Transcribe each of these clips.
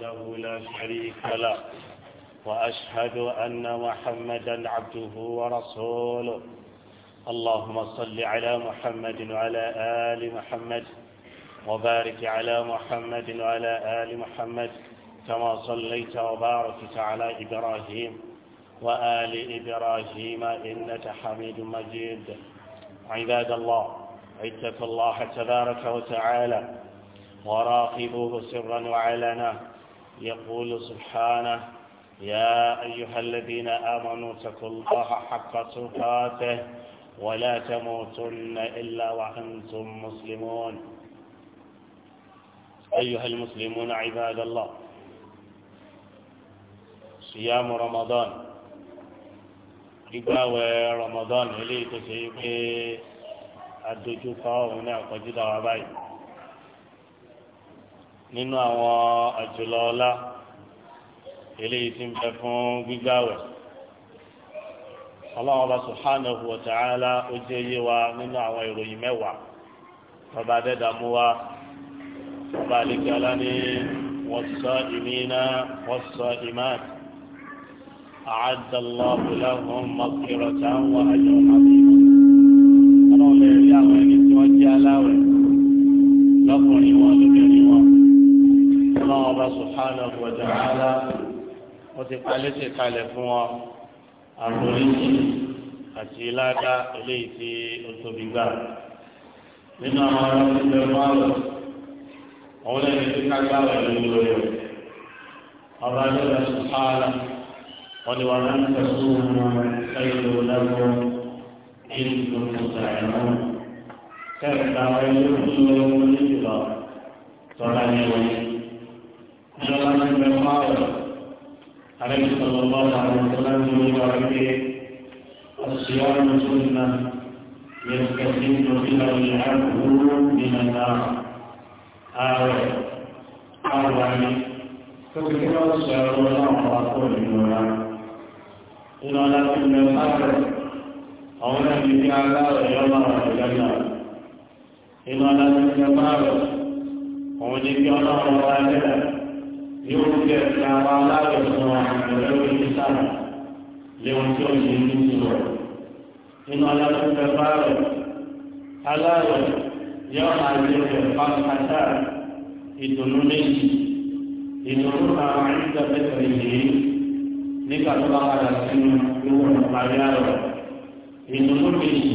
وحده لا شريك له وأشهد أن محمدا عبده ورسوله اللهم صل على محمد وعلى آل محمد وبارك على محمد وعلى آل محمد كما صليت وباركت على إبراهيم وآل إبراهيم إنك حميد مجيد عباد الله اتقوا الله تبارك وتعالى وراقبوه سرا وعلنا يقول سبحانه يا أيها الذين آمنوا اتقوا الله حق تقاته ولا تموتن إلا وأنتم مسلمون أيها المسلمون عباد الله صيام رمضان إباوة رمضان إليك سيكي الدجوكا هنا قد دعا nínú àwọn àjùlọ ọlá eléyìí tí ń bẹ fún gbígbàwẹ̀ ọlọ́run ọba subhanahu wa ta'ala ó jẹ́ yé wa nínú àwọn ìròyìn mẹ́wàá ọba adẹ́dàmú wa ọba àlejòọlá ní was-sa'imina was-sa'imat a'adda Allahu lahum maghfiratan wa ajran 'azima ọlọ́run lè rí àwọn ẹni tí wọ́n jẹ́ aláwẹ̀ lọ́kùnrin. wa ta'ala wọ́n ti palẹ́ ti kalẹ̀ fún wọn àforíjì àti ládá eléyìí tí ó tóbi gbà nínú àwọn ará tó bẹ fún àlọ́ àwọn lẹ́yìn tí kágbá rẹ̀ lórí rẹ̀ ọba adébẹ̀ sùpáàlà wọ́n ni wà láti tẹ̀sùn ẹ̀yìn lọ́wọ́ ẹ̀yìn lọ́wọ́ ẹ̀yìn kẹ́ẹ̀ta wáyé lórí lọ́wọ́ níbi lọ sọ́lá ní wọ́n. عليه صلى الله عليه وسلم يقول الصيام سنة يستفيد بها العبد من النار آوة آوة فكرة الصيام الله أقول لنا إن لكن الفقر أو لم يجعل يوم الجنة إن لكن الفقر أو لم يجعل الله yóò jẹ́ ti àwọn aláwẹ̀ fún wa pẹ̀lú ìlú sábà léwu tí ó ṣe ní ìṣòro. Inú aláwẹ̀ bá rẹ̀ aláwẹ̀ yóò máa jẹ́ rẹ̀ pàṣẹ ìdùnnú méjì ìdùnnú àwọn àìsàn pẹ̀lú ìlú nígbà tó bá padà sínú ìwọ̀n ìparí àrọ̀. Ìdùnnú méjì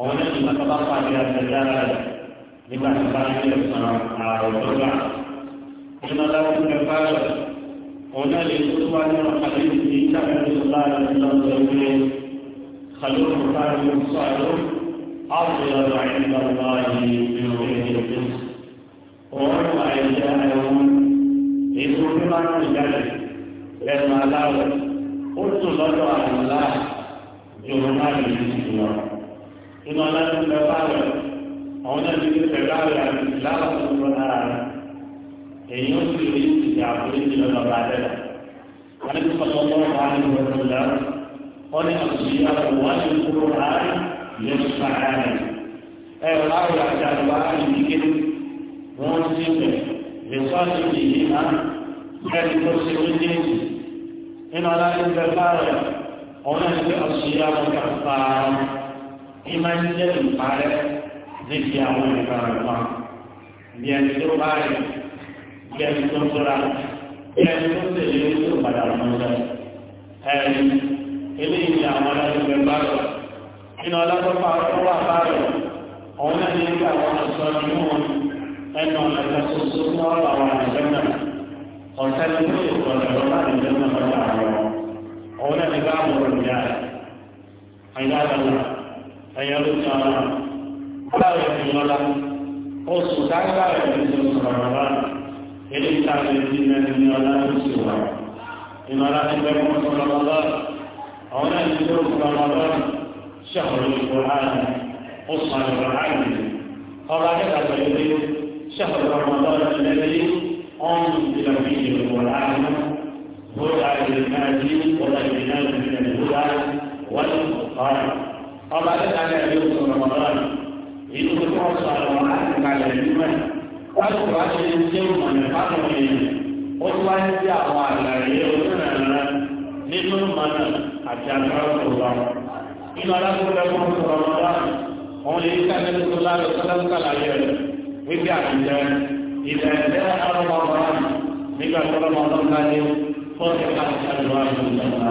ọ̀hún ìgbà tó bá padà sínú ìparí nígbà tó bá ń lè san àrọ̀ nínú aláwọ̀ mẹ́fà rẹ̀ òun náà lè tó wá ní ọ̀nà kàlí ní ìjàmbá ìṣọ̀lá rẹ̀ lọ́dọ̀ ìwé kàlí òkúta rẹ̀ sọ àlọ́ àti ọ̀dọ̀ àyíká bá yìí nínú ìwé ìwé òun wà ẹ̀jẹ̀ ẹ̀wọ̀n èso ní máa ń jáde lẹ́nu aláwọ̀ ó tún lọ́dọ̀ àlọ́lá jòrò máa lè ní ìlú lọ. nínú aláwọ̀ mẹ́fà rẹ̀ òun náà lè tẹ̀lé àrẹ̀ àti láwọ̀ tó lọ́ èyí ó sì rí ìjà àforíjì lọ́dọ̀ bá dẹ́lẹ̀. Àlejò sọ̀tọ̀ lọ́wọ́ bá ní ìwé tó lọ. Wọ́n ní àṣìṣe àbọ̀wọ́ á ṣe kúrò láàárín ilé ṣíṣá láàárín. Ẹ láwùjọ àti àgbà ìdíkẹ́ wọ́n ti bẹ̀. Ìsọ́ọ̀tì ìdíyí náà ẹni tó ṣe ó dé ìdí. Nínú aláàbí bẹ báyọ̀, ọ̀nà ìwé àṣìṣe àbọ̀kà pààrọ̀. Ìmá ń jẹ́ ìparẹ́ níbi àwọn ìgbà rẹ̀ pa. Bí ẹni tó bá rẹ̀ bí ẹni tó ń sọ́ra bí ẹni tó ń tẹ̀lé ní tó padà wọn lọ. ẹni eléyìí ni àwọn alágbègbè bá rọ̀ nínú ọlọ́pàá ọlọ́wà bá rọ̀ ọ̀hún náà ní nígbà wọn sọ nínú wọn ẹnu ọ̀nà kan ṣoṣo fún ọ̀rọ̀ àwọn àjọ náà ọ̀sẹ̀ ní tó yẹ kọ̀ ọ̀rọ̀ bá àjọ náà lọ́wọ́ àwọn ọ̀hún náà ní bá àmọ̀rọ̀ ìyá ẹ̀yà ẹ̀yà ló ti ọ̀nà báyọ̀ ìyọ́lá eléyìí tá a lè fi mẹ́rin ní ọlá tó sì wà nínú ọlá tó bẹ́ẹ̀ mọ́ sọ̀rọ̀ lọ́lá àwọn náà ti tó sọ̀rọ̀ lọ́lá ṣàkóso ìfọ̀hánì ó sàn ìfọ̀hánì ọba akẹ́kọ̀ọ́ pẹ̀lú pé ṣàkóso ọmọdé ìlẹ́lẹ́yìn ọ̀hún ìlànà ìfọ̀hánì هدى للناس وهدى للناس من الهدى والفرقان قال تعالى يوم رمضان إنه فرصة وعنك على الإيمان láti wá ṣe ṣé mọ̀nà fáwọn èèyàn ó tún wá ní sí àwọn àlàyé onírànlá nínú mọ̀nà àti agbára òwúwa. inú alákòókò fún ọ̀sọ̀rọ̀ ọ̀la wọn lè ká nínú tó lára sọ́dọ̀ kàlàyé rẹ̀ wípé àtijọ́ ìdá ẹ̀dẹ́ ọlọ́mọ ọ̀la nígbà tó lọ́mọ ọlọ́mọ láyé fọ́ọ̀tì káàkiri àjọ àjọ ìjọba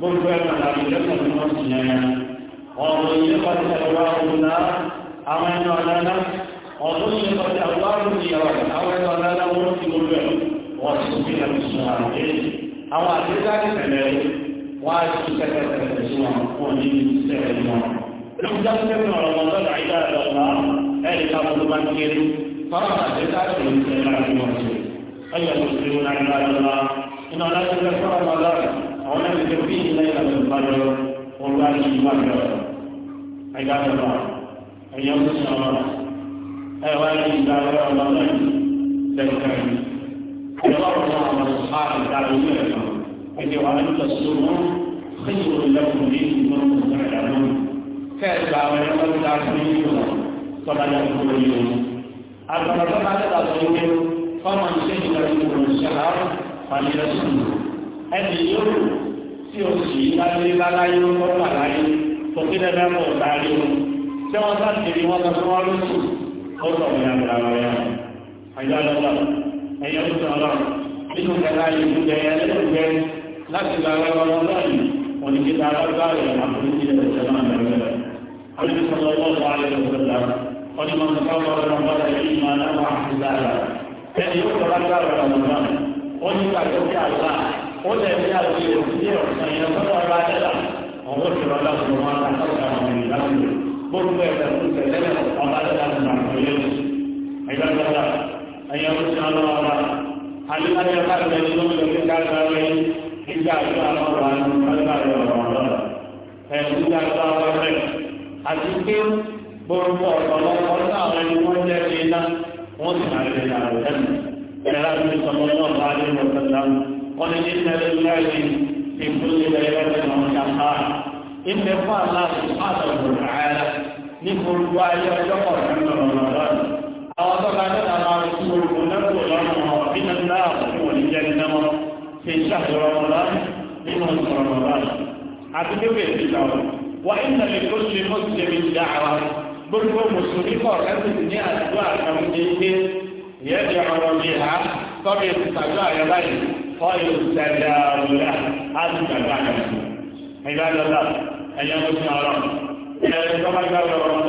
gbogbo ẹ̀ka ọdún yìí lọ sí àwọn àrùn ìyàwó àwọn ẹ̀ka ọ̀dàdà wọn ti gbogbo ẹ̀ wọ́n ti fi hàn sí àrùn yìí àwọn àdéhà ti tẹ̀lé wọ́n á ti tẹ̀lé tẹ̀lé sí wọn kó ní tẹ̀lé wọn. lóòótọ́ ti أيها المسلمون عباد الله إن لا تذكر رمضان ولم تكفيه ليلة القدر والله القدر عباد الله أيام الشهر ẹ̀wá ní ìgbà ẹ̀rọ ọlọ́run lẹ́gbẹ̀rún ẹ̀rọ ọ̀rọ̀ àwọn ọ̀hán ìdára ojú ẹ̀rọ ẹ̀jẹ̀ wà ní ìtọ́sọ́rọ̀ fíjìwò lẹ́kùn ní ìgbọ́n ìgbàdàmọ́ kẹ́ẹ̀sì àwọn ẹ̀rọ ti dá sí ìlú tọ́lájà kúrò yìí àgbàdo tó bá dẹ́ta sọ wípé fọ́ọ̀mù ṣe ìgbà ìgbòho ṣẹlá fàlẹ́ sùn ẹni láyé tó kí lẹ́fẹ̀ẹ́ mọ̀ rí o tí wọ́n sá ti rí lọ sí lóṣù ọ̀sọ̀ ní àgbàrá rẹ̀ àyálọ́lá ẹ̀yẹ ọ̀sọ̀ ọlọ́run nínú kẹta ìlú jẹyẹ lẹ́nu jẹ láti lára ọmọ lọ́yìn òní kíta alágbáre àforíjì rẹ̀ sẹ́lá mẹ́rẹ̀ ọdún sọ̀rọ̀ ọlọ́run alẹ́ ọ̀sọ̀lá ọdún mọ̀ nǹkan ọ̀rọ̀ ọ̀bọ̀dà yìí máa náà wà sí lára ẹni yóò kọ́ lágbáre ọmọ náà ó ní kàtó kí àlá ó lẹ̀ ní àlọ́ ìròyìn ọ̀sán yẹn sọ́dọ̀ ọ̀rọ̀ adẹ́là ọ̀wọ́ ìrọ̀lá ọ̀gbọ̀n wọn àtàkùn àwọn ìlànà gbogbo ẹ̀rọ ìṣẹ̀lẹ̀ عباد الله أن يرسل الله على أن يقال للنور في كعبه إلا شاء الله فلا يرى فيقول الله خير أذكر gbogbo ọ̀pọ̀lọ́ ọ̀pọ̀lọ́ àwọn ẹni wọ́n jẹ́ ṣe iná wọ́n sì máa ṣe àwọn ẹ̀dẹ́nu ẹ̀rọ àti sọmọ náà bá dé lọ sọ́dá wọn ni ní ìlẹ̀ ìlẹ́yìn ti fún ilẹ̀ ìlẹ́yìn àwọn ṣàpá ìmẹ̀fọ́ aláàbò pàtàkì ààrẹ ní gbogbo àwọn tó bá dẹ́ta máa ń kú ogun lẹ́kọ̀ọ́ lọ́rùn wọn nínú náà fún òní jẹ́ ní náà ṣe ṣàṣọrọ wọn láti nínú ìṣòro wọn láti. àti bíbẹ̀ sí ìgbà wọn wà ìnà lè tó ṣe mọ́sílẹ̀mì dá àwa gbogbo mùsùlùmí kọ̀ọ̀kan sì ní àdúrà àtàwọn ilé ìyẹn ti ọ̀rọ̀ mi ha tọ́bi ìtàjọ́ àyọ̀ báyìí fọ́ọ̀yì ìtàjà òwúrà á ti gbàgbà kan. ìgbà lọ́la ẹ̀yẹ́ mo ti ọ̀rọ̀ ẹ̀rọ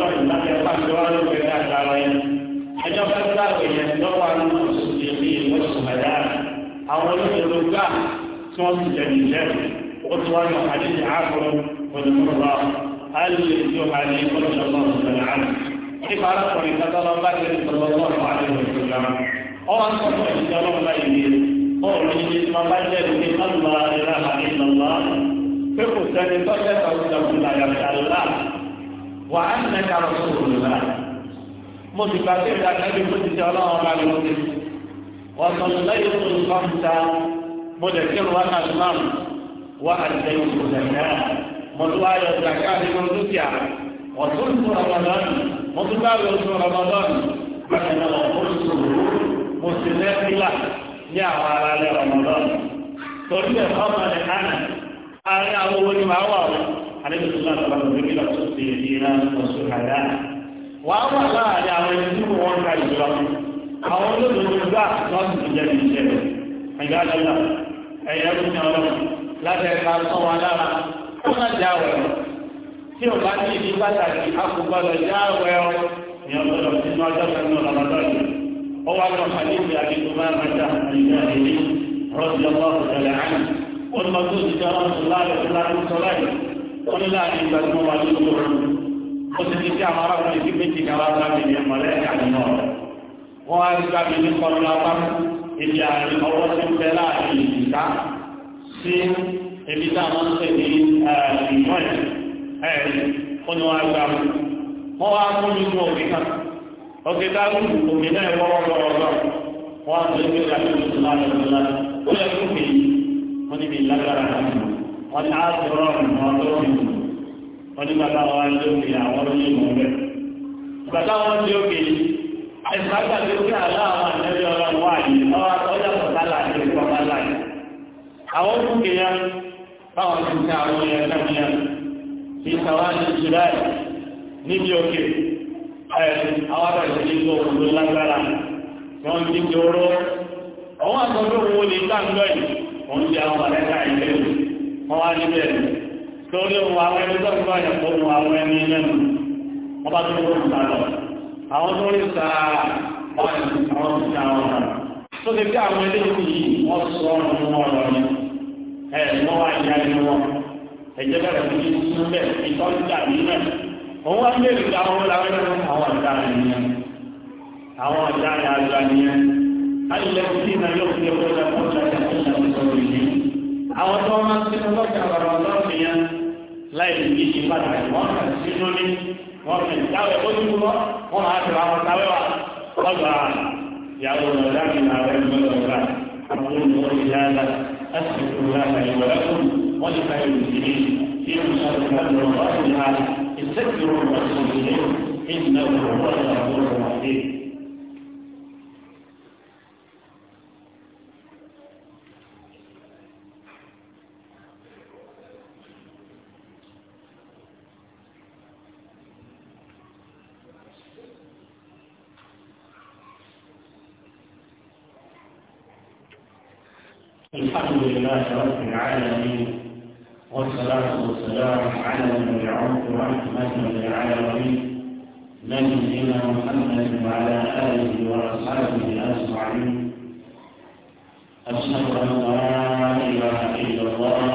àwọn olóṣèlú gbà tí wọ́n sì jẹ nìjẹ́ ó ti wáyọ̀ àdéhùn àgbọ̀n olùkọ́lá alẹ́ yóò máa ní ọlọ́ṣọ́ náà sọ̀rọ̀ àná nípa arákùnrin kátàlọ́ bá ti rí sọ̀rọ̀ lọ́wọ́ àdéhùn ìṣòro ọwọ́ ń sọ̀rọ̀ ìṣẹ́ ọlọ́run láyé ní ọ̀rọ̀ ní ma bá jẹ́ ní ọlọ́run àdéhùn àdéhùn pé kò sẹ́ni wà á nà ká lọ sọ̀rọ̀ mo ti gbàgbé ìdájọ́ bí mo ti jẹ́ ọlọ́run bá mi mo وصليت الخمس مذكر وأزمر وأديت الزكاة مطوعي الزكاة من نسيا وصلت رمضان مطوعي رمضان فأنا وصلت مسلمات له يا على رمضان torí ẹ̀ kọ́ máa lè hánà àárín àwọn owó ní máa wà ó àdébìsílá tọ́lá tó gbé lọ sí ìdí iná oṣù àdá wà á wà láàárín àwọn ẹni tí wọ́n ń ka ìjọba àwọn olóòtú gbà lọ́sùn ti jẹ́ ìṣẹ́ rẹ̀ ẹ̀yà lọ́la ẹ̀yà lóyún ọlọ́run láti ẹ̀ka sọ wa lára kó má já wẹ̀ ọ́ tí o bá ní ibi pàtàkì akókò lọ já wẹ̀ ọ́ ní ọlọ́dọ̀ nínú ọjọ́ kan ní ọ̀làmọ́ lọ́sùn ó wá lọ kàdé ìwé àdìgbò máa ma já àdìgbò àdìgbò wọ́n á rí gbàgbé ní kọ́nà lápákú ibi àárín ọwọ́ sí ń bẹ láàrin ìdíkà sí ibi tá a máa ń pè ní ìmọ̀ ẹ̀ fún wọn á gbà mú wọ́n wá mú nínú òbí kan òkè dáhù òbí náà wọ́wọ́ lọ́wọ́ wọ́n á tẹ̀lé ìgbà tó ti láti ọ̀dọ́ láti ó lè fún mi wọ́n níbi ìlágbára náà wọ́n ní á sọ̀rọ̀ ọ̀nà ọ̀dọ́ mi wọ́n ní bàbá wa ń lé òkè àwọn olóyè àìsàgbà tó kí aláwọ̀ àjẹ́jọ́ ọlọ́run wà yìí ọwọ́ ọjọ́ sọ̀tálà àti ìpọ̀pá láì àwọn òkúkè ya báwọn ti ká àwọn ẹ̀yà káfíà ti sàwá ní july níbi òkè àwọn àbẹ̀rẹ̀ sí ìgbò òkúrò lágbára wọ́n ti di oró àwọn àtọ́jú owó ní sáńdọ̀ yìí wọ́n ti àwọn àlẹ́kà ilé wọn wá níbẹ̀ torí ohun àwọn ẹni tó ń bá yẹ̀ fún àwọn ẹni àwọn tó rí sa àwọn tó ní àwọn ọ̀nà tó ti fi àwọn ilé yìí wọ́n sọ ọ̀rọ̀ nínú ọ̀rọ̀ ni ẹ̀ wọ́n wá ìyá nínú wọn ẹ̀jẹ̀ bẹ̀rẹ̀ sí ní sínú bẹ́ẹ̀ ìtọ́jú dàbí náà òun wá ń bèèrè pé àwọn ọ̀làwẹ́ náà àwọn ọ̀dà nìyẹn àwọn ọ̀dà ni àgbà nìyẹn ayélujára sí iná yóò fi ọgbọ́n lẹ́kọ̀ọ́ lẹ́kọ̀ọ́ lẹ́kọ̀ọ́ láì lè yí ìgbà tẹ̀ wọ́n kàn sí lórí wọ́n kàn táwẹ̀ ó ní wọ́n wọ́n máa tẹ̀ wọ́n táwẹ̀ wá lọ́gbà ìyàwó rẹ̀ láti nà rẹ̀ lọ́gbà àwọn olùkọ́ ìyáàlá أسفك الله لي ولكم ولسائر المسلمين في مسابقة الله تعالى استكبروا وأسلموا إليه إنه هو الغفور الرحيم الحمد لله رب العالمين والصلاة والسلام على المبعوث رحمة للعالمين نبينا محمد وعلى آله وأصحابه أجمعين أشهد أن لا إله إلا الله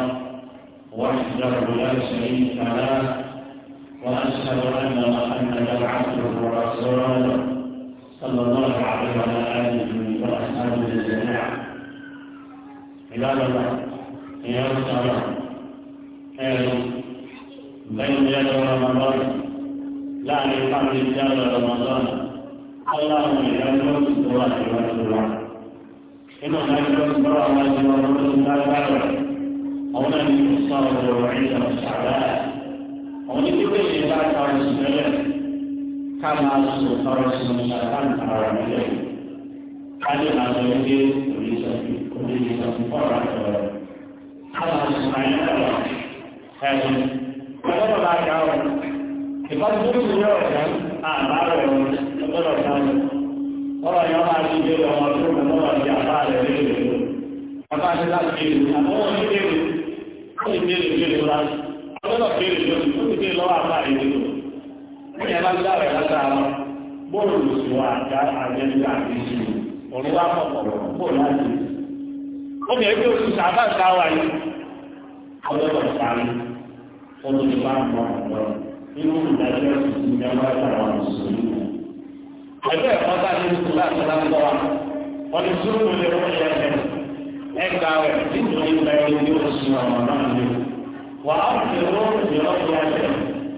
وحده لا شريك له وأشهد أن محمدا عبده ورسوله صلى الله عليه وعلى آله وأصحابه أجمعين ìlànà ìyẹn sára ẹ̀rọ lẹ́yìn ìyàtọ̀ ramadan láàrin fáwọn ìyàtọ̀ ramadan aláwọ̀ ìyàtọ̀ tó wà ní ìwádìí wa. inú ìyàtọ̀ tó wà ní ìwádìí wa ló ń bá rẹ̀ àwọn náà ní sọ̀rọ̀ lọ́wọ́ ìyàtọ̀ sàrà àwọn ní kíkọ́ ìyẹn bá ta oṣù tẹ́lẹ̀ ká máa sọ ọ̀rọ̀ sọ̀rọ̀ sàrà ń tara nílẹ̀ ká lè máa lọ ilé òní sọ̀rọ̀ bóòlù sí wa àdá àjẹsí àti ìṣirò òun wá pọ̀ pọ̀ bóòlù ó bẹ̀rẹ̀ pé oṣù sàbá ìsáwà yìí àwọn ọ̀rọ̀ sáré wọ́n ti bá ń bọ̀ ọ̀rọ̀ nínú ìdájọ́ ìsinmi ẹgbẹ́ àwọn mùsùlùmí. ẹgbẹ́ ẹ̀kọ́ bá ní oṣù láti láńkọ́ wa wọ́n ti sùúrù lórí ẹ̀kọ́ yẹn lẹ́ ẹ̀ka rẹ̀ nítorí ìgbà yẹn ní oṣù àwọn náà wà á fi rọ́ọ̀ ìrọ́ọ̀ yẹn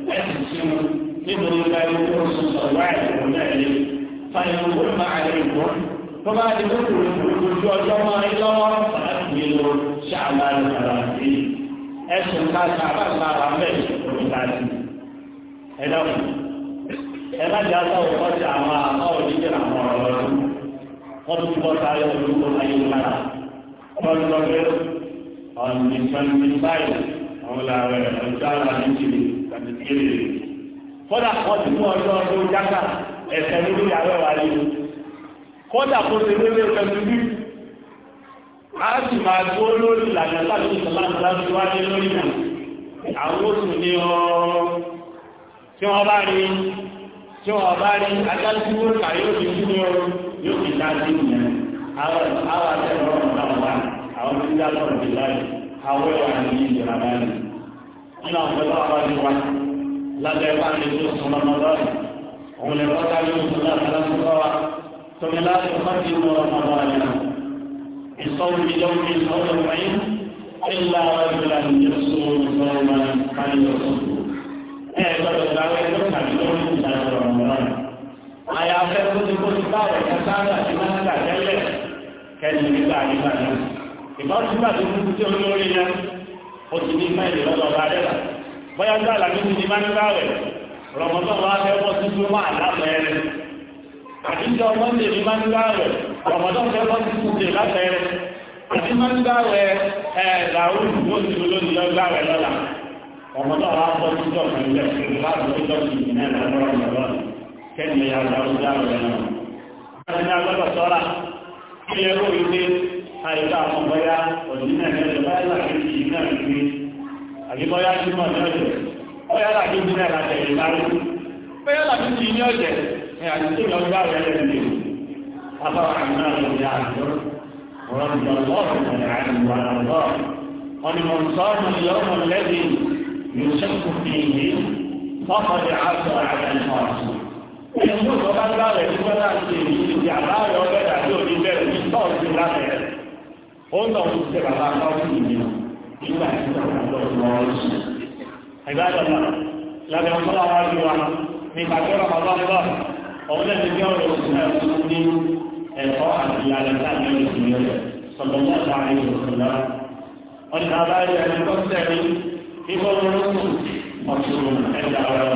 lẹ́ ẹ̀sìn sí mu nítorí ìgbà yẹn ní oṣù sọ̀rọ̀ tó bá ti lóko ojú ọjọ́ máa ń lọ́wọ́ láti lè lo ṣáàlà ìgbàlá sí ẹ̀sùn káàkiri àbáṣára mẹ́rin òmìnirásí ẹ̀dọ́kùn ẹ̀lájà sáwọn ọ̀sẹ̀ àwọn àwọn òṣìṣẹ́ àwọn ọ̀rọ̀ wọ́n ti bọ́ sáré olùkọ́ ayélujára wọ́n lọ pé ọ̀nì ìfẹ́ni báyìí àwọn làárẹ̀ ọjọ́ àlà ní ìṣẹ̀lẹ̀ tàbí kéré kódà wọ́n ti mú ọjọ́ ọdún jákà ẹ̀sẹ̀ lórí kọ́dà kó ṣe lélẹ̀ pẹ̀lú bí a sì máa gbó lórí ìlànà láti ìsọ̀láńtà tí wá ní lórí náà àwọn oṣù ní ọ̀rọ̀ tí wọ́n bá rí tí wọ́n bá rí adájú ó kà yóò fi kú ní ọ̀rọ̀ yóò fi dájú ìyẹn àwọn àtẹ̀rọ̀ náà wà àwọn tí wọ́n lọ́rọ̀ ti láyé àwọn ẹ̀rọ àti ìjọba báyìí nínú àwọn ọ̀dọ́ àwọn ọ̀dọ́ wa lábẹ́ bá ní oṣù ọmọdé òun lè kọ́ta yóò fún láti ثم لا تقدم رمضان بصوم يوم او يومين الا رجلا يصوم صوما قد يصوم ẹ gbọ́dọ̀ gba awẹ tó tàbí tó ń ta ọ̀rọ̀ mìíràn àyà afẹ tó ti kó ti bá ọ̀rọ̀ kẹta àti mẹta tẹ́lẹ̀ kẹni nígbà nígbà náà ìbọn tí bàtí kúkú tí olórí yẹn ó ti ní mẹ́rin lọ́dọ̀ ọba dẹlà bóyá gbàlá ní ti máa ń gbà rẹ rọmọdọ wa fẹ bọ sí tó máa lábẹ́ àtijọ́ mọ́ndé ní máa ń gbá rẹ̀ ọ̀mọ̀dọ́ fẹ́ bọ́ sí kúndé látẹ̀rẹ̀ àti máa ń gbá rẹ̀ ẹ̀ làwọn olùdó ti lọ lónìí lọ gbá rẹ̀ lọ́la ọ̀mọ̀dọ́ wa bọ́ sí jọ kan lẹ̀ láti lọ́jọ́ sí ìyẹn lọ́rọ̀ lọ́rọ̀ kẹ́ni ya lọ́rọ̀ gbá rẹ̀ náà. láti ní agbọ́dọ̀ sọ́ra kí ẹrú ilé àìlá àwọn bọ́yá òdìnnà ẹ̀rọ báyà láti ìgbà ìgbé àbíbọ́yá jùmọ̀ ní ọ̀jẹ̀ bọ́yá láti ìgbà ìgbà ìgbà àdìsí ìyá ọjọ́ àwẹ̀ ẹ̀rẹ́ mi o afárá àmì àwọn ìyá àjọ ọ̀rọ̀ ìjọba ọ̀sẹ̀ àìmọ̀ àlọ́ ọ̀nìmọ̀ sọ́ọ̀nù yọ̀ọ̀mọ̀ lẹ́bi yòóṣẹ́kù fìyè fọ́kọ̀dé àṣọ àgbẹ̀nà ọ̀sùn. ẹni tó sọ bá gbá rẹ̀ nígbà láti ìyá láàyè ọbẹ̀ dàbí òní bẹ́ẹ̀ ní tọ́ọ̀sì lábẹ́ rẹ̀ ó lọ sí ṣe bàbá tọ́ọ̀sì yìí nígbà ọ̀hún náà ti bí ọ̀rọ̀ ìsìn náà tó ní ẹ̀kọ́ àti ìlànà láti ọ̀rọ̀ ìsìn yẹn sọ̀tọ̀ mọ́ ọ̀tá àyè òkú náà. wọ́n ti bá yẹ ẹni tó sẹ́ni ibọ̀ lórúkú ọ̀tún ẹ̀dá ọ̀rọ̀.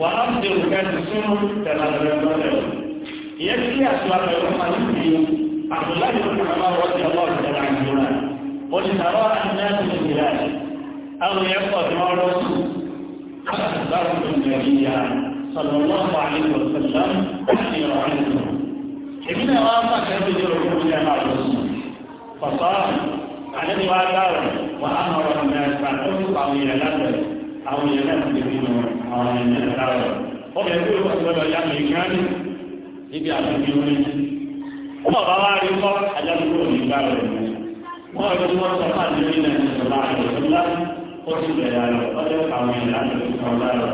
wà á ti rò kẹ́sì sínú tẹ̀lá ìyẹn tí àtúwà pẹ̀lú màlúùmí àtúláyé òkúrọ̀mọ́ rọ́ọ̀tì ọlọ́ọ̀tì tẹ̀lá ìjọba olùsàrọ̀ àtúnáàtì ìgbìlá àwọn ẹ̀kọ́ sallallahu alaihi wasallam láti ìrọ̀ àwọn ènìyàn. èmi náà wá ń pàṣẹ bí ìjọba òkú ní ẹ̀ka àlọ́sùn. pàpà àdéhùn wa dáwọ̀ wà á máa rọ̀ ní ẹ̀ka tó ń pa àwọn èèyàn lábẹ́ àwọn èèyàn náà ti bí wọn àwọn èèyàn dáwọ̀. ó bẹ̀rẹ̀ bí ìwọ ìgbọ́dọ̀ yá mi gán ní ibi àtúndì orin. ó bọ̀ bá wá rí kọ́ ajásùkú òní gbá rẹ̀ mú. wọ́n rí wọ́n sọ fún àdéhùn náà ní ìjọba àlọ́sùn lá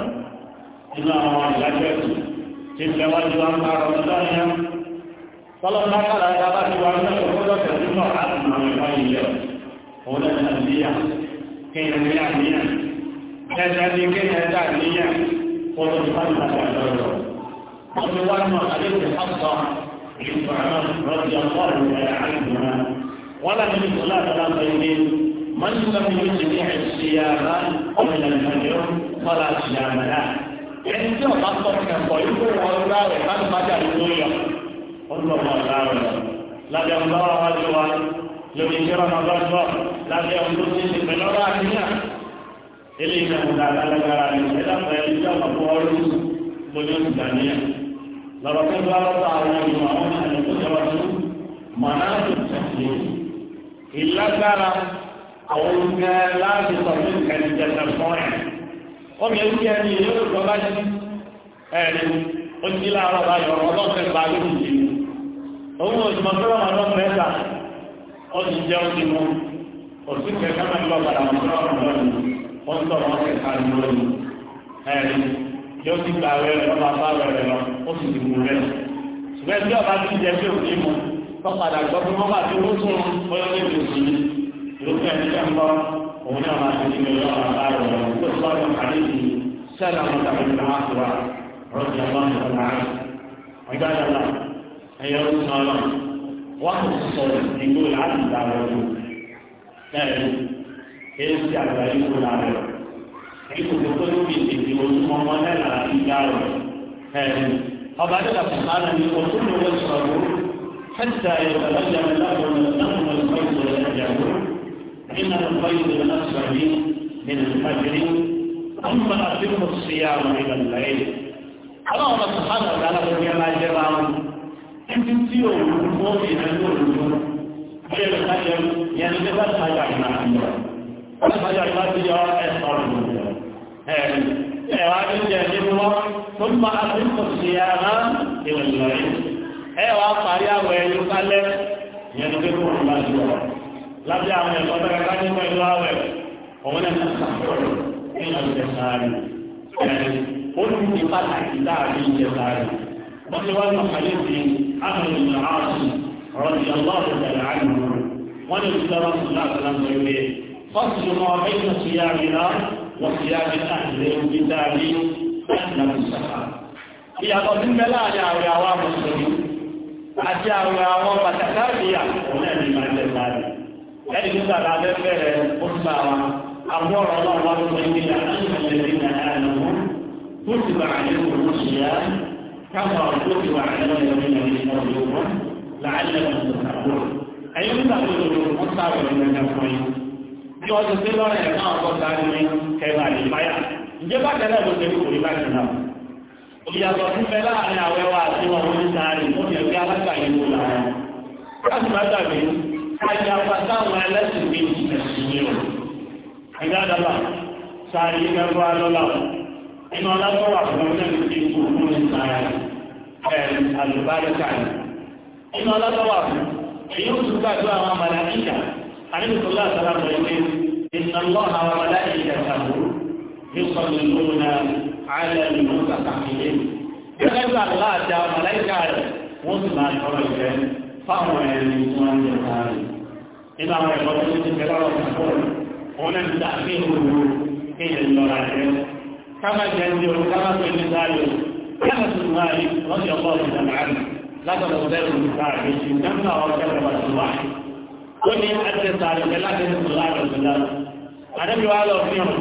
nínú àwọn ìdájọ́sì tí ń bẹ̀wọ́ ju àwọn àrọ̀lọ́dọ́nìyàn tọ́lọ́ lákàrà ẹ̀dá bá ti wà nínú ìfọ́jọ́ tẹ̀sí náà láti mọ àwọn ìwà ìyẹ̀ òun náà ní àníyàn kéèyàn ní àníyàn ẹ̀dá ní kéèyàn dá àníyàn kó ló ti bá ń tàbí àlọ́rọ̀ wọ́n ti wá nínú àdéhùn àpọ̀ ìfọ̀ràn rọ́bì ọlọ́run ẹ̀yà àìmọ̀ràn wọ́n láti ní sọ́lá àtàlà من لم يجمع الصيام قبل الفجر فلا صيام له ẹni tí ọba sọ fún ẹ̀kọ́ yìí kó wọn ọlá rẹ̀ láti má jà lórí lórí ọ ọlọ́mọ ọlá rẹ̀ lábẹ́ ọlá wa jọ wa lórí ìṣẹ́ra náà bá jọ lábẹ́ ọlọ́ tí ti pẹ̀lú ọlá àníyàn eléyìí náà mo dáadáa lágbára mi ẹ̀dá pẹ̀ ẹni tí ọba fún ọrùn mo ní oṣù dàníyàn lọ́rọ̀ tó bá lọ́ta àwọn ìmọ̀ àwọn àlùkò jọba tó mọ̀nà ìlágbára àwọn olùgbé láti sọ̀rọ̀ ìkànnì jẹ̀dẹ̀ fún ẹ̀ wọ́n mẹ́rin ẹni yóò tó lọ bá jí ẹ̀rí ó láàárọ̀ bá yọ̀rọ̀ ọlọ́fẹ́ bá lórí yìí òun ò sì mọ̀ pé wọ́n máa ẹ̀ta ó jẹ́ òsì mú òsì kẹ́ ká máa lọ padà mọ̀ pé wọ́n lọ́rùn ó ń ká ní ẹ̀rí yóò ti gba rẹ̀ lọ bá bá rẹ̀ lọ ó sì ti mú rẹ̀ ṣùgbọ́n tí ونعم بسم الله تعالى وصلى عليه سلمة بن العاصرة رضي الله تعالى عنه عباد الله هي رسول الله وخصوصا يقول عبد على الوجود ثاني كيف على يقول على الوجود يقول يقول في يقول ما لا يقال ثاني فبعد ذلك قال لي وكل يشرب حتى يتبين له ní ọmọ àti mùsùlùmí àwọn ìlànà ẹ̀yìn aláwọn ọmọ sàhánà ọ̀gá alábẹ́bí ẹ̀ máa jẹ́ máa ń títí tí òun mọ́ ìrìnàjò òun ṣe lè sájẹ́ yẹn ní bá sájà ìrìnàjò wọ́n sájà ìrìnàjò yọ ẹ̀ sọ̀rọ̀ ẹ̀wà ní jẹ́ nínú wọn tó máa àtúntò sí ara ìrìnàjò rẹ̀ ẹ̀wà parí àwọ̀ ẹ̀yọ́ kálẹ̀ yẹn ní bá sájà ìrìnàjò lábẹ́ àwọn ẹ̀kọ́ òun náà sàkóso ní ọ̀sẹ̀ sáré ó ní ní pàtàkì láàrin ìjẹ sáré wọ́n ti wá ní ọ̀kàlẹ́ sí àmì ìrìnàṣì rọ̀dì ọlọ́ọ̀dẹ̀ tẹ̀lé àìmọ̀ wọ́n ní ìjọba sọ̀lá sọ̀lá sọ̀rọ̀ pé fọ́sùn mọ́ ẹ̀yìn sí àríra wọ́n ti yára ní àìlẹ́ òbí dáadé láìlá ìṣàkà ìyàtọ̀ sí mẹ́lá ẹni nígbà tá fẹ́rẹ̀ ó ń bá wa أقول الله إلا أن الذين آمنوا كتب عليهم الصيام كما كتب على الذين من قبلكم لعلهم تتقون أي من تقولون مصاب من النفوين bí wọ́n ti sí lọ́rẹ̀ ẹ̀ náà kọ́ sáré ní kẹwàá lè báyà ǹjẹ́ bá tẹ́lẹ̀ ló ṣe kò rí bá tẹ̀lá ìyàtọ̀ fún fẹ́ láàrin àwẹ̀ wa àti wọn ní sáré mú ní ẹgbẹ́ alága yìí wò lára láti má dàbí kájà pátá àwọn ẹlẹ́sìn méjì ẹ̀sìn yìí ìdádàlà sáré ìgbàgbọ́ alọ́lá inú alágbọ́wà fún ọjọ́ ìdíkù fún ìsára àlùbáríkà inú alágbọ́wà fún èyí ó tún gbàgbé àwọn màláìkà àríwísọ́lá àtàlámọ̀ ilé ìnàlọ́ àwọn màláìkà sàbúrú ní sọ̀rọ̀ lónà àlẹ́ ìlú kàkàkìlé gẹ́gẹ́ bí àlá àti àwọn màláìkà rẹ̀ wọ́n sì máa tọrọ ìfẹ́ fáwọn ẹni tí wọ́n àwọn ẹ̀kọ́ tó ti bẹ̀rẹ̀ ọ̀rọ̀ òun náà nígbà tí ó wù ú kí ẹ lọ́ra rẹ̀ káma jẹ́ ní o káma pè ní sáyò káma tó ń ráyè wọ́n ti ọkọ̀ òfin àmà àmì látọ̀dọ̀ bẹ́ẹ̀rù ní sáàbí sí nígbà wọn kẹ́kọ̀ọ́ bá ti wá. ó ní ẹsẹ̀ sáré pẹ̀lú àtẹ̀sẹ̀ tó láàrọ̀ sí lára. àdébí wa lọ fi hàn.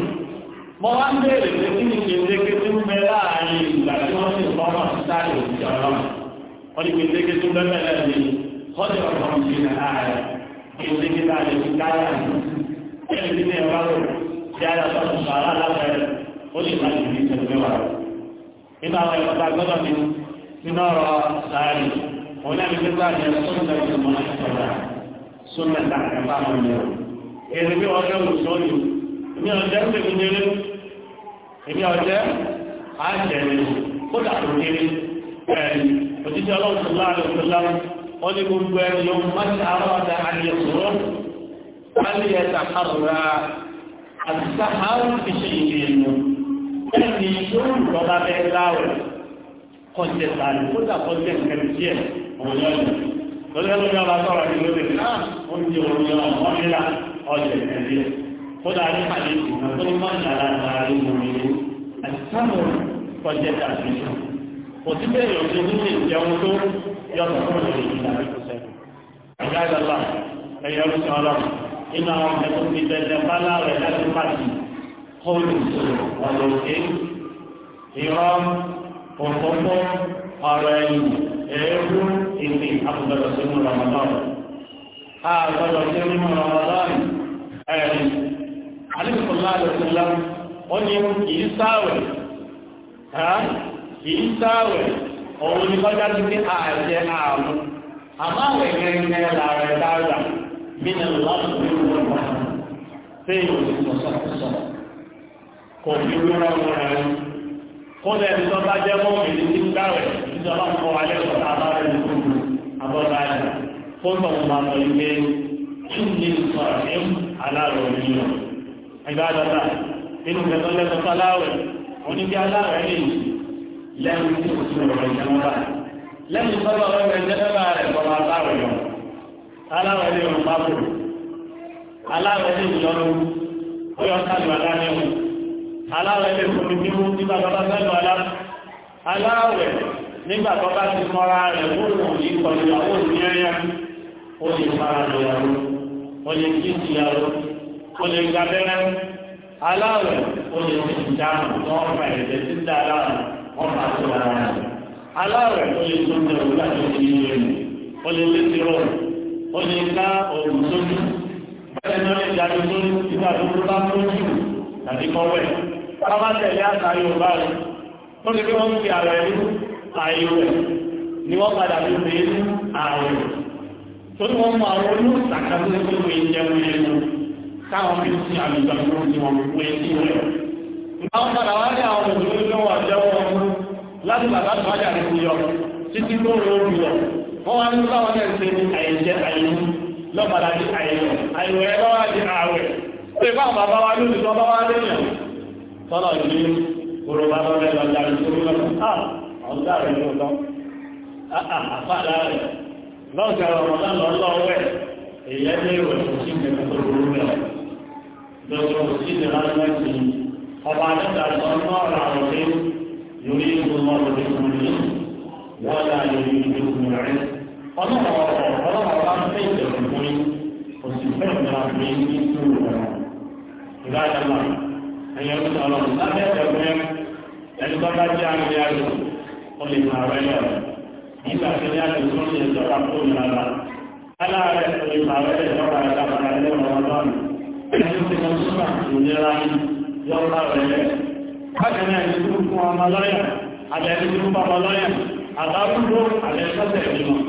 mo wá ń béèrè pé kí ni gbèdéke tó ń bẹ láàrin ìgbà tí wọ́n ti kọ́ ọmọ sáré ẹni tí ní ẹ̀rọ bá lò sí ara tó ń sọ ara lábẹ́rẹ́ ó lè máa tìbí ìṣẹ̀lẹ̀ mẹ́wàá rẹ̀. nínú àwọn ẹ̀kọ́ tá a gbọ́dọ̀ ní nínú ọ̀rọ̀ sáré òun náà ní pípa ní ẹ̀rọ tó ń sọ ìṣẹ̀lẹ̀ mọ́ ìṣẹ̀lẹ̀ súnmẹ̀ tá a bá wọn lẹ̀. èrè mi ọjọ́ òṣùṣọ́ ni èmi ọjọ́ ń tẹ̀mí nílé èmi ọjọ́ á jẹ̀rẹ̀ kódà tó nílé ẹ̀rí òtítọ́ ọlọ́run wálé ẹ̀ta àrùrà àtàkàrù ìṣe ìrìnà ẹni yóò lọ́ba bẹ́ẹ̀ láwẹ̀ kọjẹ sáré ó dà kọjẹ nǹkan díẹ̀ òun yọ ọjà lọ́dọ̀ ẹ̀rọ yọba sọ̀rọ̀ ní lóde náà ó ń jẹ òun yọ ọmọ nílà ọjà nǹkan díẹ̀ ó dà ní pàdé ìgbà tó ní máa ń yàrá ara rẹ̀ mọ̀ ní àtàkàrù kọjẹ sáré kò sí bẹ́ẹ̀ yọ̀ sí nílé ìjẹun tó yọ ọ̀sán fún ìrìn ìgbà tó sẹ́kù ẹ̀yà ìdàlá ẹ̀yà ọlọ́sìn ọlọ́run Ina àwọn ọ̀gá tó fi tẹ̀tẹ̀ bálá rẹ̀ láti pàtì kóòlù ọ̀rọ̀ òkè ìrọ́ òfófó ọ̀rọ̀ ẹ̀yìn èébú ìpín àkùbẹ̀rẹ̀ sínú Ramadan àgbọ̀dọ̀ sí nínú Ramadan ẹ̀rí alẹ́kùnlá àlẹ́kùnlá wọ́n ní kìí sáwẹ̀ kìí sáwẹ̀ òun ni bọ́jà ti ní àjẹ àrùn àmáwẹ̀ gẹ́gẹ́ lára ẹ̀ من الله والرحمة فين المتصفصة كمبيوتر ورعي قد يبقى بعد يوم من الدعوة إذا الله هو عليه وتعالى لكم أبو تعالى قلت الله طيبين إني صاحب على رؤية عباد الله إنه كذل الصلاوة ونبي على رؤية لم تكسر الجنة لم تكسر الجنة ولا تعالى aláwọ̀ ilé ìrùn bá bò aláwọ̀ ilé ìlọ́nu ọyọ́ sálù aláníwò aláwọ̀ ilé ìfòmí tí mú nígbà tó bá sálù alá aláwọ̀ nígbà tó bá ti mọ́ra rẹ̀ wúrùn ìkọlù ìyàwó ìrìnrìn ó lè fara lọ yàrá ó lè kí ìyàwó ó lè gba bẹ́rẹ́ aláwọ̀ ó lè fi ìdáhùn tó ọ̀pá ẹ̀jẹ̀ sí dáadáa ọ̀pá tó ó lè ká ọ̀rùn sójú bẹ́ẹ̀ ni ó lè jáde sójú nígbà tó bá lójú tàbí kọ́wẹ́ bábá tẹ̀lé àṣà yorùbá rẹ̀ ó lè fi wọ́n fi ààrẹ ní ààyè rẹ̀ ni wọ́n padà fi pè é ààrẹ tó ní wọ́n mú àwọn olóòtàkà tó ní gbogbo ìjẹun ẹnu káwọn fi sí àmì ìgbàgbọ́ ní wọn pé sí rẹ̀ àwọn padà wá ní àwọn òṣèlú tó wà jẹ́wọ́ láti bàbá tó wájà ní wọ́n wá ní báwọn náà ṣe ní àyẹ̀jẹ́ àyẹ̀mú lọ́bàdà ní àyẹ̀wò àyẹ̀wò ẹ̀ lọ́wọ́ di ààwẹ̀ pé báwọn bàbá wa lóòdì tó bá wá lẹ́yìn tọ́lọ̀ ní oró bá lọ́rẹ́ lọ dárí tó rí lọ́nà ah àwọn dárí ní ọ̀tọ́ ah, ah, àfà láàrẹ̀ lọ́ọ̀gá ọ̀rọ̀ lọ́nà ọlọ́wẹ́ èyẹ ní ìwẹ̀ kò sí ní ẹ̀kọ́ tó rú rẹ̀ lọ́sọ̀ kò sí ní lásán sí ọba àdẹ́ta sọ náà rà ọ̀dẹ́ yorí ìgbìmọ̀ ọ̀dẹ́ ìgbìmọ̀ ọlọ́run ọ̀rọ̀ ọlọ́run ọba ń fẹ́ ìjẹ̀kùn fún yín kò sì fẹ́ ìjọba fún yín ní ìlú ọ̀rọ̀ ìbáyàmà ẹ̀yẹ ń sọ ọlọ́run lábẹ́ ẹ̀fẹ́ ẹni tó bá jẹ́ àmì àjò ó lè máa rẹ lọ nígbà tí ní àjò tó ń lè sọ́ra tó ń lára aláàrẹ ó lè máa rẹ lọ́ra ẹ̀ka padà ní ọ̀rọ̀ ọlọ́run ẹni tó ti mọ súnmà ìlera yọ̀ọ́ra rẹ̀ bákan náà ẹni tó ń fún ọmọ lọ́yà àbẹ̀ẹ́ni tó ń bá ọmọ lọ́yà àbárúgbó àbẹ̀ẹ́sọ́sẹ̀ ìgbìmọ̀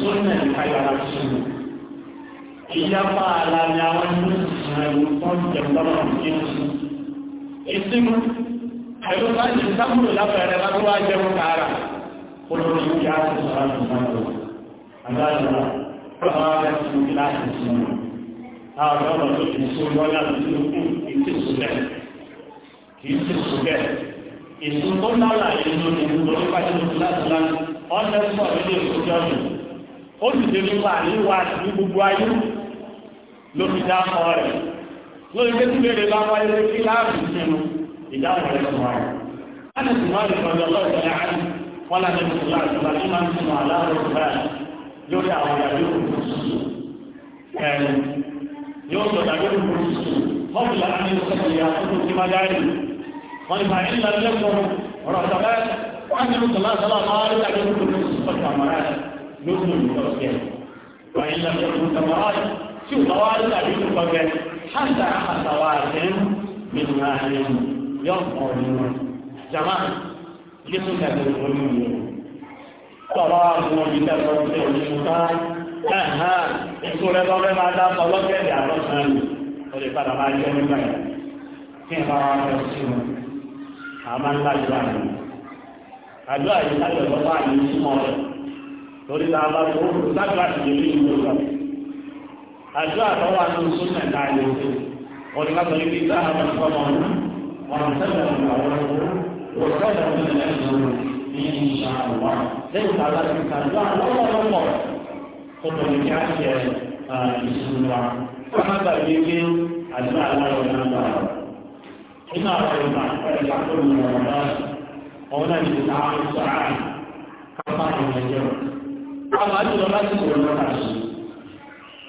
sọ́nà ìkáyọ̀lá sínú ìyapa ara ni àwọn ẹni tó ti sìn ẹ̀rù fún ìjẹ̀mọ́lọ́ ìjẹun ìsinmi ẹ̀rọ bá ti sábúrò lábẹ́rẹ́ bá tó wá jẹun kára olórí ìyá àti sọ́nà ìjẹun àgbàjọba ọlọ́wọ́ rẹ̀ fún kíláàsì sínú àwọn ọmọ tó ti sún lọ́yà nínú ìtì sùgbẹ́ kì í ti sùgbẹ́ ìsún tó náà là nínú ìlú lórí pàṣẹ láti láti ọ̀nẹ́sọ̀ ilé ìsúnjọ́nù ó sì ṣe nípa àríwá ní gbogbo ayé ló fi dá ọmọ rẹ̀ lórí pé tí béèrè bá wáyé pé kí láàbù sínú ìdáhùn rẹ̀ lọ́wọ́ rẹ̀. láti sùn máa lè fọdọ̀ lọ́wọ́ ìgbà yàrá wọn láti sùn láti wá ní máa ń sùn aláwọ̀ ìgbà lórí àwọn ìyàwó òkú sùn. ẹ̀rù yóò sọ ìyàwó òkú sùn wọ́n fi láti ní sọ́kùn ìyá tó ti máa dárí. wọ́n ti máa ń lọ ọ̀rọ̀ sọ̀rọ̀ wọ́n á lóṣù ìtọ́sẹ̀ wàyí lọ́sẹ̀ fún tàwárí tí tàwárí tàbí tó kọjá ṣáṣà àtàwárí nínú ààrẹ yóò pọ̀ nínú jama yéṣu tàbí olú yẹn tọ́lá àwọn ọmọ ìlú ẹ̀kọ́ tẹ olùkọ́ ká ẹ̀hán ètò rẹ lọ́rẹ́ máa dá ọlọ́kẹ́lẹ̀ àlọ́sàn án ó lè wà ní súnmọ́ rẹ̀ torí la bá tó láti láti lè rí ìlú lọ. àjọ àtọwọ́ àti sọ́nà ẹ̀ka ayé wọn ni ká sọ ibi tá a bá tó kọ́ wọn sẹ́lẹ̀ wọn àwọn wọn sẹ́lẹ̀ wọn ní ẹ̀sìn ní ìṣà àwọn lẹ́yìn tá a bá ti sàjọ àlọ́wọ́lọ́pọ̀ tó tó ní kí á ṣe ìṣúra. wọ́n á gbàgbé pé àjọ àwọn ọ̀nà àgbà iná àwọn ọ̀nà àgbà ìgbà tó ń àwọn àjùlọ láti kò lọ náà sí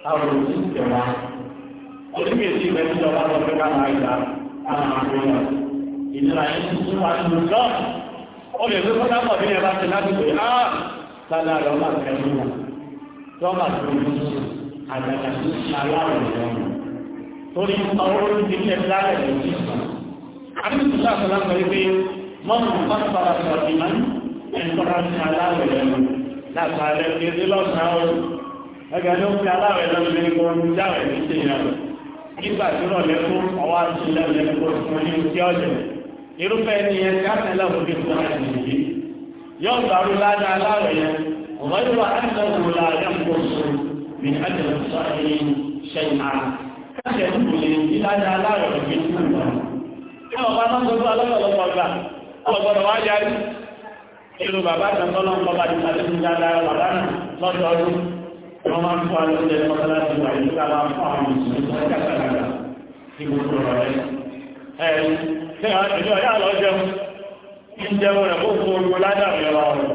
àwọn òbí tẹ̀wá onímẹ̀sí rẹ̀ ti lọ́wọ́ lọ fẹ́ ká máa gbà àwọn àgbẹ̀wọ̀ ìnira yẹn ti tún wá nínú náà ó lè fẹ́ fọ́nà pọ̀ bí ẹ bá ti láti pè á ah, lálẹ́ àlọ́ máa fẹ́ mú wọn lọ́mà tó ń sùn àgbàdà aláwọ̀ rẹ̀ torí ọwọ́ ló ti lẹ̀ lálẹ́ rẹ̀ ti sùn. àbíkú sáà sọ láti pé mọ́tò látàlẹ́ kejì lọ́sàn-án o ẹgbẹ́ ló ń aláwẹ̀ lọ́sẹ̀ ní kó jáwẹ̀ ní ṣe yẹn lọ nígbà tí wọ́n lè fún ọwọ́ àti lẹ́nu kó fún ní ti ọ̀jẹ̀ irúfẹ́ ni yẹn ká tẹ́lẹ̀ fún kíkọ́ àti yìí yóò gbàrú ládàá aláwẹ̀ yẹn ọ̀gá yóò wá ẹ̀sẹ̀ wò láàyè kó ní ẹ̀jẹ̀ sọ èyí ṣe ìhà káṣẹ̀ ń wòlé ní ládàá aláwẹ̀ kò fi wọn. ẹ irú bàbá kan tọ́lọ́ ń bọ́bá ti pàdé ní dáadáa bàbá náà lọ́dọọdún wọ́n máa ń fọ́ àwọn oúnjẹ tó kọ́lá ti wà nígbà máa ń fọ́ àwọn mùsùlùmí tó kàkàkàkà tí gbogbo rẹ̀ ẹ̀rí tí àwọn ìjọ yà lọ jẹun ń jẹun rẹ̀ kó fún ogun ládà mi wà rẹ̀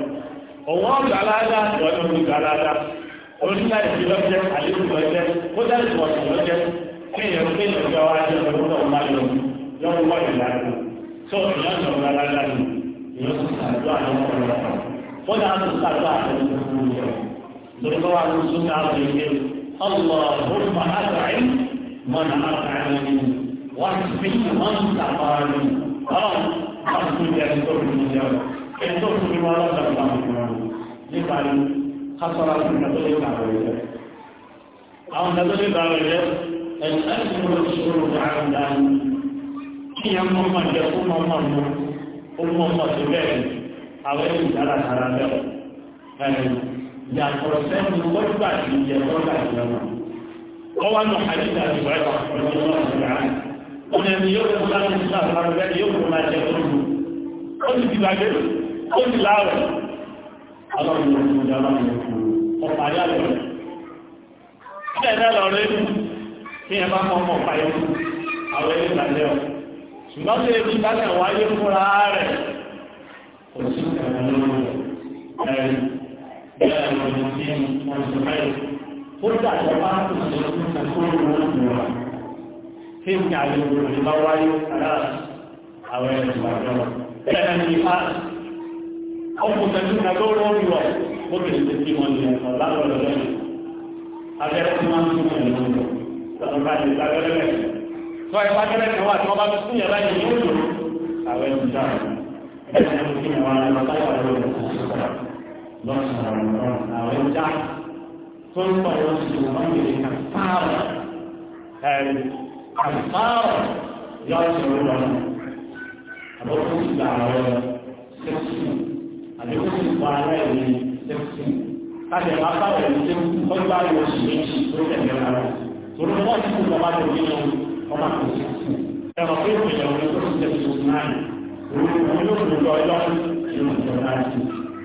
òun ọ̀gá ládà lọ́dún mi gbà ládà onígbà ìdí lọ́jẹ́ àlékún lọ́jẹ́ ó dá ìwọ̀sùn lọ́jẹ́ kí èèyàn kí èèyàn jọ wá jẹun lọ́wọ́ máa lọ lọ́wọ́ wọ́n ìlànà tó ìlànà ọ̀gá ládà mi ni ó ti ṣàdúrà lọ́pọ̀lọpọ̀ kódà á ti ṣàdúrà pẹ̀lú gbogbo rẹ̀ lórí kọ́ wa ló sún ká lè gbé اللهم أطعم من أطعمني واسقي من سقاني أو أخرج ينصر من اليوم ينصر من ورد الله nípa ni kásọ̀rọ̀ àti ìgbàlódé bàbá rẹ̀. Àwọn ìgbàlódé bàbá rẹ̀ ẹ̀yìn láti mú ìṣòro dáadáa. Kí ni a mọ̀ máa jẹ fún ọmọ mọ̀? ó mọ̀ mọ̀ sí bẹ́ẹ̀ ni àwọn ẹ̀rù dára sára bẹ́ẹ̀ ẹ̀rù yàtọ̀ sẹ́nu lọ́gbà tí ìjẹ lọ́gbà tí lọ́wọ́ wọ́n wá nù àdìsá ti wáyé wà pẹ̀lú ọlọ́run ti rà wọn ẹni yóò fún láti ní sáà sára bẹ́ẹ̀ yóò fún láti ẹ̀kọ́ lù ó ti dìgbàgbé ó ti láàrẹ̀ ọlọ́run ló fún ọjà ọlọ́run ló fún ọ̀pá ọ̀pá ṣùgbọ́n lè rí ìbálẹ̀ wáyé fúnra rẹ̀ kò sí Kódà tó ẹ bá tẹ́lẹ̀ kan wà tí wọ́n bá fi sún yàrá yìí yóò lò àwọn ẹni dá ẹni tó fi yàrá yìí wọ́n táyà lọ lọ́sàn-án àwọn ẹni dá tó ń pọ̀ lọ sí ìwọ̀n yìí kan fáwọn ẹni àfáwọn yóò sọ̀rọ̀ lọ́nà àbọ̀kú ìgbà àwọn sẹ́kù àbíkú ìgbà ara ẹni sẹ́kù láti ẹ̀ka fáwọn ẹni sẹ́kù ọgbà yóò sì méjì tó tẹ̀lé ara tó lọ́wọ́ ìkú lọ́wọ́ àti òbí náà ọmọ àkùnrin ẹ̀rọ pé ìpìlẹ̀ òun tó ń tẹ̀sí náà òun ló ń lọ ẹlọ́run tí ó ń tọ́ náà sí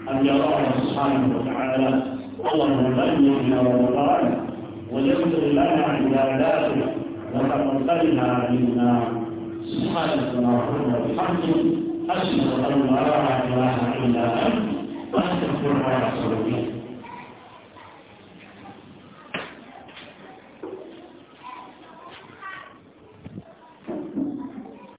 àbí ọlọ́run sùhánù ọ̀tàrà ọlọ́run lẹ́yìn ìlànà ọ̀tàrà وجدت لنا عباداته وتقبلنا منا سبحانك اللهم وبحمدك أشهد أن لا إله إلا أنت وأستغفرك وأتوب إليك